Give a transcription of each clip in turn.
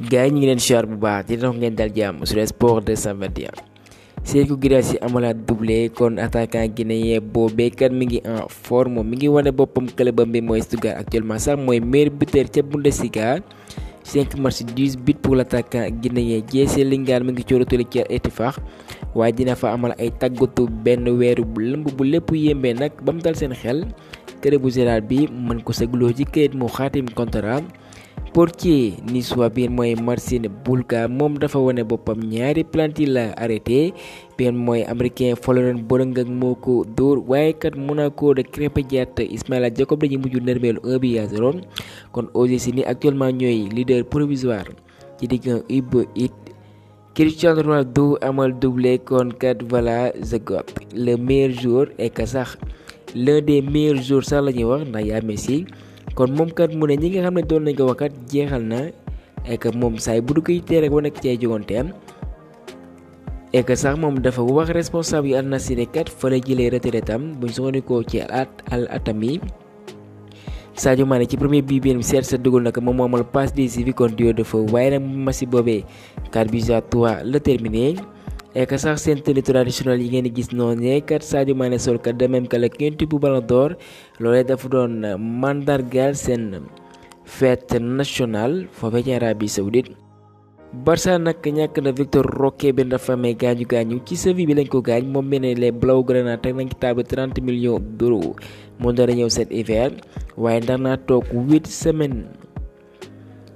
gars yi ñu ngi leen siwaar bu baax di dox ngeen dal jàmm sur les sports 221 doublé kon attaquant guinéen ya, boobee kat mi ngi en ah, forme mi ngi wane boppam clubam bi mooy Stuttgart actuellement sax mooy meilleur buteur ca Bundesliga 5 matchs 10 buts pour l'attaquant guinéen ya. Jesse Lingard mi ngi cooratuli ci Ettifaq waaye dina fa amal ay tàggatu benn weeru bu lëmb bu lépp yémbee nag ba mu dal seen xel club bu Gérard bi mën ko sagloo ci mu contrat portier niçois biir mooy Marcin Bulka moom dafa wane boppam ñaari planti la arrêté benn mooy américain Florian Borengak moo ko dóor waaye kat Monaco de Krépin-Diatta Ismaila Jacob dañuy mujj nërmeelu 1 bi à 0 kon OGC ni actuellement ñooy leader provisoire ci Ligue 1 UB it Cristiano Ronaldo amal doublé kon kat voilà Jacob le meilleur jour et que sax l'un des meilleurs joueurs sax la ñuy wax ndax yaa Messi kon moom kat mu ne ñi nga xam ne doon nañ ko waxkat jeexal na et que moom saay bu duggee tee rek ba nekk ci ay joganteem et que sax moom dafa wax responsable yi al Nassr kat fa la jëlee retraite bu ci at al atam Sadio Mané ci premier bii benn seet sa dugal nag moom moomal passe décisive contre Diouf dafa Massi 3 et que sax seen tenue traditionnelle yi ngeen di gis noonu kat Sadio Mané sol kat de même que le quintuple bu Ballon d'Or loolee dafa doon mandargaal seen fête national foofee ci Arabie Saoudite Barça nag ñàkk na Victor Roque benn dafa amee gaañu gaañu ci cheville bi lañ ko gaañ moom mel ne les Blaugrana teg nañ ci table 30 millions d'euros moo dara ñëw seen hiver waaye ndax naa toog 8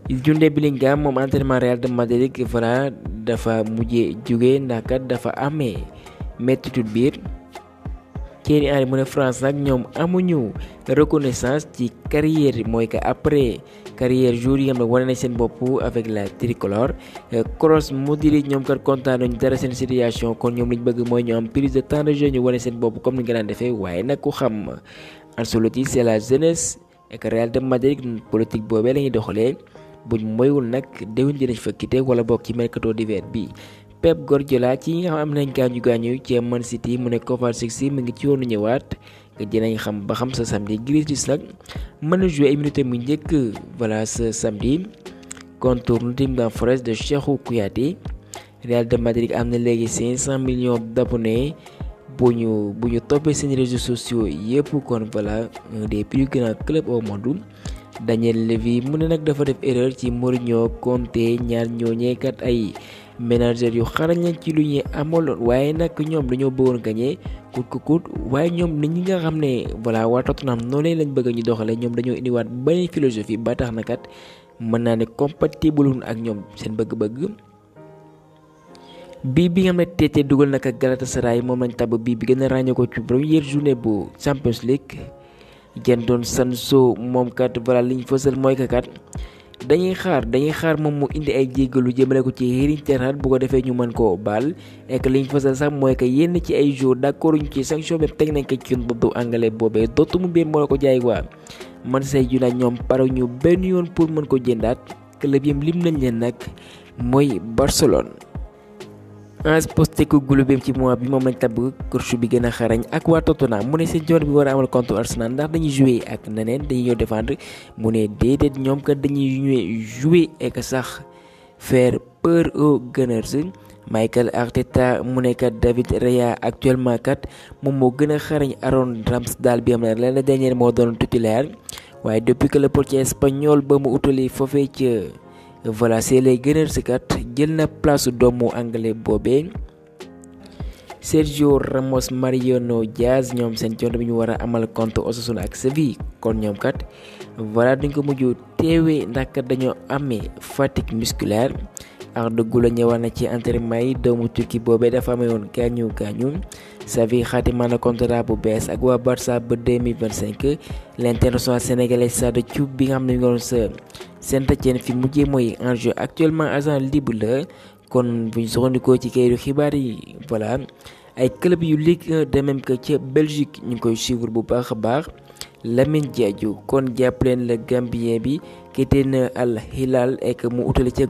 Julde Bellingham moom entraînement Real de Madrid voilà dafa mujjee jóge ndax kat dafa amee mettitud biir Thierry Henry mu ne France nag ñoom amuñu reconnaissance ci carrière mooy que après carrière jour yi nga xam wane nañ seen bopp avec la tricolore Kroos Modric ñoom kat kontaan nañu dara seen situation kon ñoom liñ bëgg mooy ñoom am plus de temps de jeu ñu wane seen bopp comme ni nga daan defee waaye nag ku xam Ancelotti c'est la jeunesse et que Real de Madrid politique boobee la ñuy doxalee. buñ moywul nag déwén dinañ fa quitté wala bokk ci mercato d'hiver bi Pep Guardiola ci nga xam am nañ gaañu gaañu ci Man City mu ne Kovacic si mu ngi ci yoonu ñëwaat nga dinañ xam ba xam sa samedi Grealish nag mën na jouer ay minute mu njëkk voilà sa samedi contre Nottingham Forest de Cheikhou Kouyaté Real de Madrid am na léegi 500 millions d'abonnés bu ñu bu ñu toppee seen réseaux sociaux yëpp kon voilà un des plus grands clubs au monde Daniel Levy mu ne nag dafa def erreur ci Mourinho Conte ñaar ñooñee kat ay manager yu xarañ ci lu ñuy amaloon waaye nag ñoom dañoo bëggoon gagné kut ku kut waaye ñoom ñi nga xam ne voilà waa Tottenham noonu lañ bëgg ñu doxale ñoom dañoo indiwaat beneen philosophie ba tax na kat mën naa ne compatible wun ak ñoom seen bëgg-bëgg bi bi nga xam ne Tete dugal na ko Galatasaray moom lañ tabb bi bi ko ci première journée bu Champions League Jadon Sancho moom kat voilà liñ fësal mooy que kat dañuy xaar dañuy xaar moom mu indi ay jéggalu jëmale ko ci Erik ten bu ko defee ñu mën koo baal et que liñ fësal sax mooy que yenn ci ay jours d'accord ñu ci sanction bi teg nañ ko ci yoon boobu angale boobee dootu mu biir moo la ko jaay waa Manchester United ñoom pare ñu benn yoon pour mën ko jëndaat club yam lim nañ leen nag mooy Barcelone. Ange Postecoglou gulubéem ci mois bi moom lañ tabb coach bi gën a xarañ ak waa Tottenham mu ne seen joueur bi war amal contre Arsenal ndax dañuy jouer ak neneen dañuy ñëw défendre mu ne ñoom kat dañuy jouer ak sax faire peur aux Gunners Michael Arteta mu ne kat David Raya actuellement kat moom moo gën a xarañ Aaron Ramsdale bi am na la la dernière moo doon titulaire waaye depuis que le portier espagnol ba mu utali foofee ca. voilà Sele Gunners kat jël na place doomu anglais boobee Sergio Ramos Mariano Diaz ñoom seen coono bi ñu war a amal contre Osasuna ak Séville kon ñoom kat voilà duñ ko mujj teewee ndax kat dañoo amee fatigue musculaire Arda Güler ñëwaan na ci entre yi doomu Turquie boobe dafa amee woon gaañu gaañu Séville xaatimaa na contrat bu bees ak waa Barça ba 2025 l'international sénégalais Sada Thioub bi nga xam ne ñu doon sa. Saint-Étienne fi moy Un jeu actuellement agent libre kon ci xibaar yi voilà ay club Ligue de même que Belgique ñu koy suivre bu Lamine kon la Gambien bi Al Hilal et que mu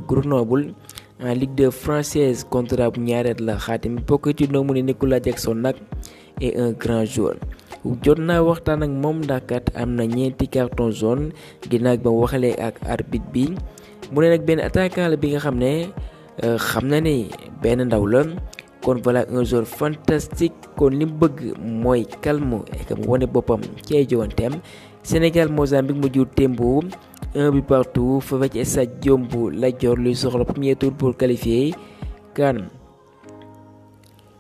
Grenoble en Ligue 2 française contre la pour que Nicolas Jackson et un grand joueur. jot naa waxtaan ak moom ndax kat am na ñeenti carton jaune ginnaaw ba waxalee ak arbitre bi mu ne nag benn attaquant la bi nga xam ne euh, xam na ni benn ndaw la kon voilà un joueur fantastique kon li bëgg mooy calme et mu boppam ci ay jowanteem Sénégal Mozambique mu jur tembo un but partout foofa ci stade Diombo Lat Dior luy soxla premier tour pour qualifier CAN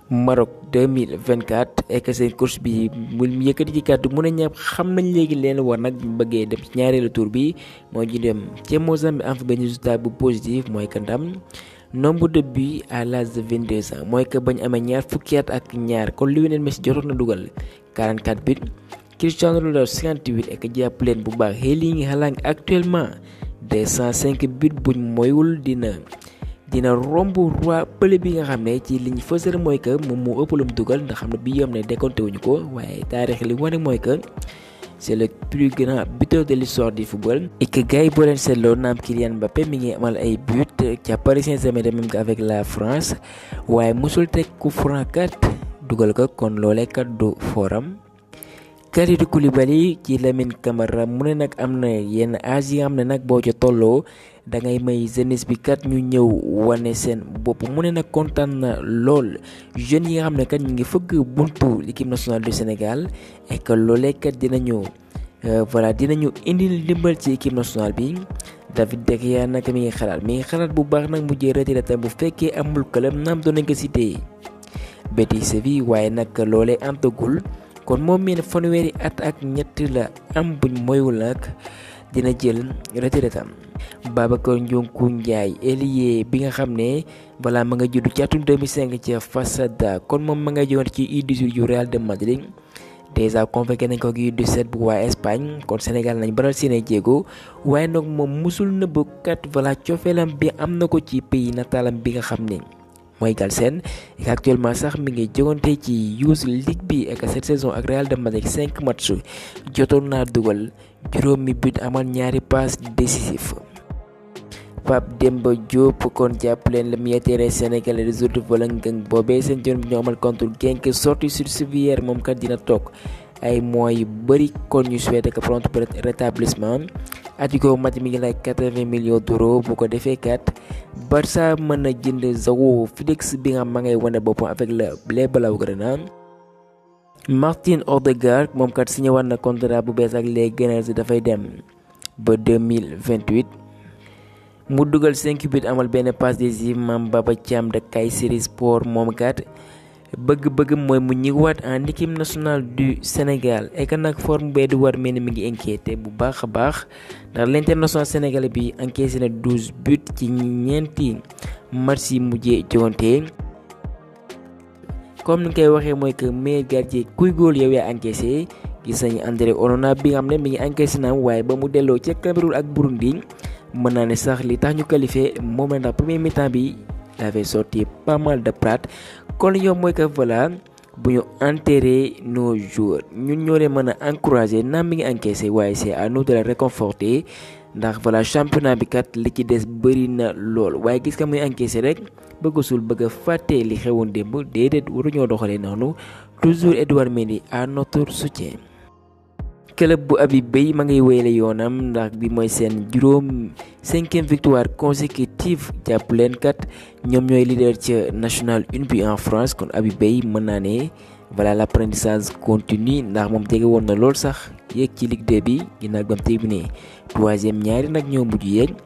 Maroc 2024 ak seen course bi mu yëkkati ci kàddu mu ne ñëpp xam nañ léegi leen war nag bu bëggee dem ci ñaareelu tour bi mooy ñu dem ci Mozambique am fa benn résultat bu positif mooy que ndam nombre de buts à l'âge de 22 ans mooy que bañ amee ñaar fukki at ak ñaar kon Lionel Messi jotoon na dugal 44 buts Cristiano Ronaldo 58 ak jàpp leen bu baax Erling Haaland actuellement buts buñ moyul dina dina romb roi pële bi nga xam ne ci liñ fësal mooy que moom moo ëpp lu mu dugal nga xam ne bi yom ne décompté wuñu ko waaye taarix li wane mooy que c' est le plus grand buteur de l'histoire du football. et que gars yi boo leen seetloo naam Kylian mi ngi amal ay but ca Paris Saint-Germain de même que avec la France waaye mosul teg ku franc kat dugal ko kon loolee kat du forum. Kalidou kulibali, ci Lamine Camara mu ne amna yen na yenn nak yi nga xam ne nag boo ca tolloo da ngay may jeunesse bi kat ñu ñëw wane seen bopp mu ne nag na lol jeunes yi nga xam ne kat ñu ngi eh, fëgg buntu l'équipe nationale du Sénégal et que loolee kat dinañu voilà dinañu indil ndimbal ci équipe nationale bi David De Gea nag mi ngi mi ngi bu baax nag mu jël retraite bu fekkee amul club naam doon nañ ko cité Betis Séville antagul. kon moom mii ne fanweeri at ak ñett la am buñ moyul nag dina jël retraite am Babacar Ndionkou Ndiaye ailier bi nga xam ne balaa ma nga juddu ci atum 2005 ca Fasada kon moom ma nga joon ci U18 yu Real de Madrid dèjà convoqué nañ ko ak U17 bu waa Espagne kon Sénégal nañ baral seen jéego waaye nag moom mosul nëbb kat voilà cofeelam bi am na ko ci pays nataalam bi nga xam ne. mooy Galsen et actuellement sax mi ngi jogante ci Youth League bi ak cette saison ak Real de Madrid 5 match jotoon naa dugal juróomi but amal ñaari passe décisif Pape Demba Diop kon jàpp leen le milieu terrain sénégalais de Zourde Volengeng boobee seen jëm ñoo amal contre Genk sorti sur civière moom kat dina toog ay mois yu bëri kon ñu souhaité que prompt rétablissement ko mati mi ngi lay 80 millions d'euros bu ko defee kat barça mën jënd zawo felix bi nga ma ngay wane boppam avec le les martin odegaard moom kat signé na contrat bu bees ak les gunners dafay dem ba 2028 mu dugal 5 but amal benn passe décisive mam baba thiam de kayseri sport moom kat bëgg-bëgg mooy mu ñëwaat en équipe nationale du Sénégal et que nag forme bee di war mel ni mi ngi inquiété bu baax a baax ndax l'international sénégalais bi encaissé na 12 buts ci ñeenti match yi mujjee joŋante. comme ni koy waxee mooy que meilleur gardien kuy góol yow yaa encaissé gis nañu André Onana bi nga xam ne mi ngi encaissé naam waaye ba mu delloo ca Cameroun ak Burundi mën naa ne sax li tax ñu qualifié moom la ndax premier mi-temps bi. avait sorti pas mal de prates. kon a moins que voilà bu ñu enterrer nos jours ñun ñoo leen encourager naa mi ngi c'est à nous de la réconforter ndax voilà championnat bi kat li ci l'ol ouais quest lool waaye gis nga muy Beaucoup rek bëgg sul bëgg réunions des li xewoon démb déedéet waruñoo nous toujours Edouard Mendy à notre soutien club bu Habib Beye ma ngay wéyale yoonam ndax bi mooy seen juróom cinquième victoire consécutive jàpp leen kat ñoom ñooy leader ca National Une bi en France kon Habib Beye mën naa ne voilà l' apprentissage continue ndax moom jege woon na lool sax yéeg ci Ligue 2 bi ginnaaw ba mu terminé troisième ñaari nag ñoo mujj yéeg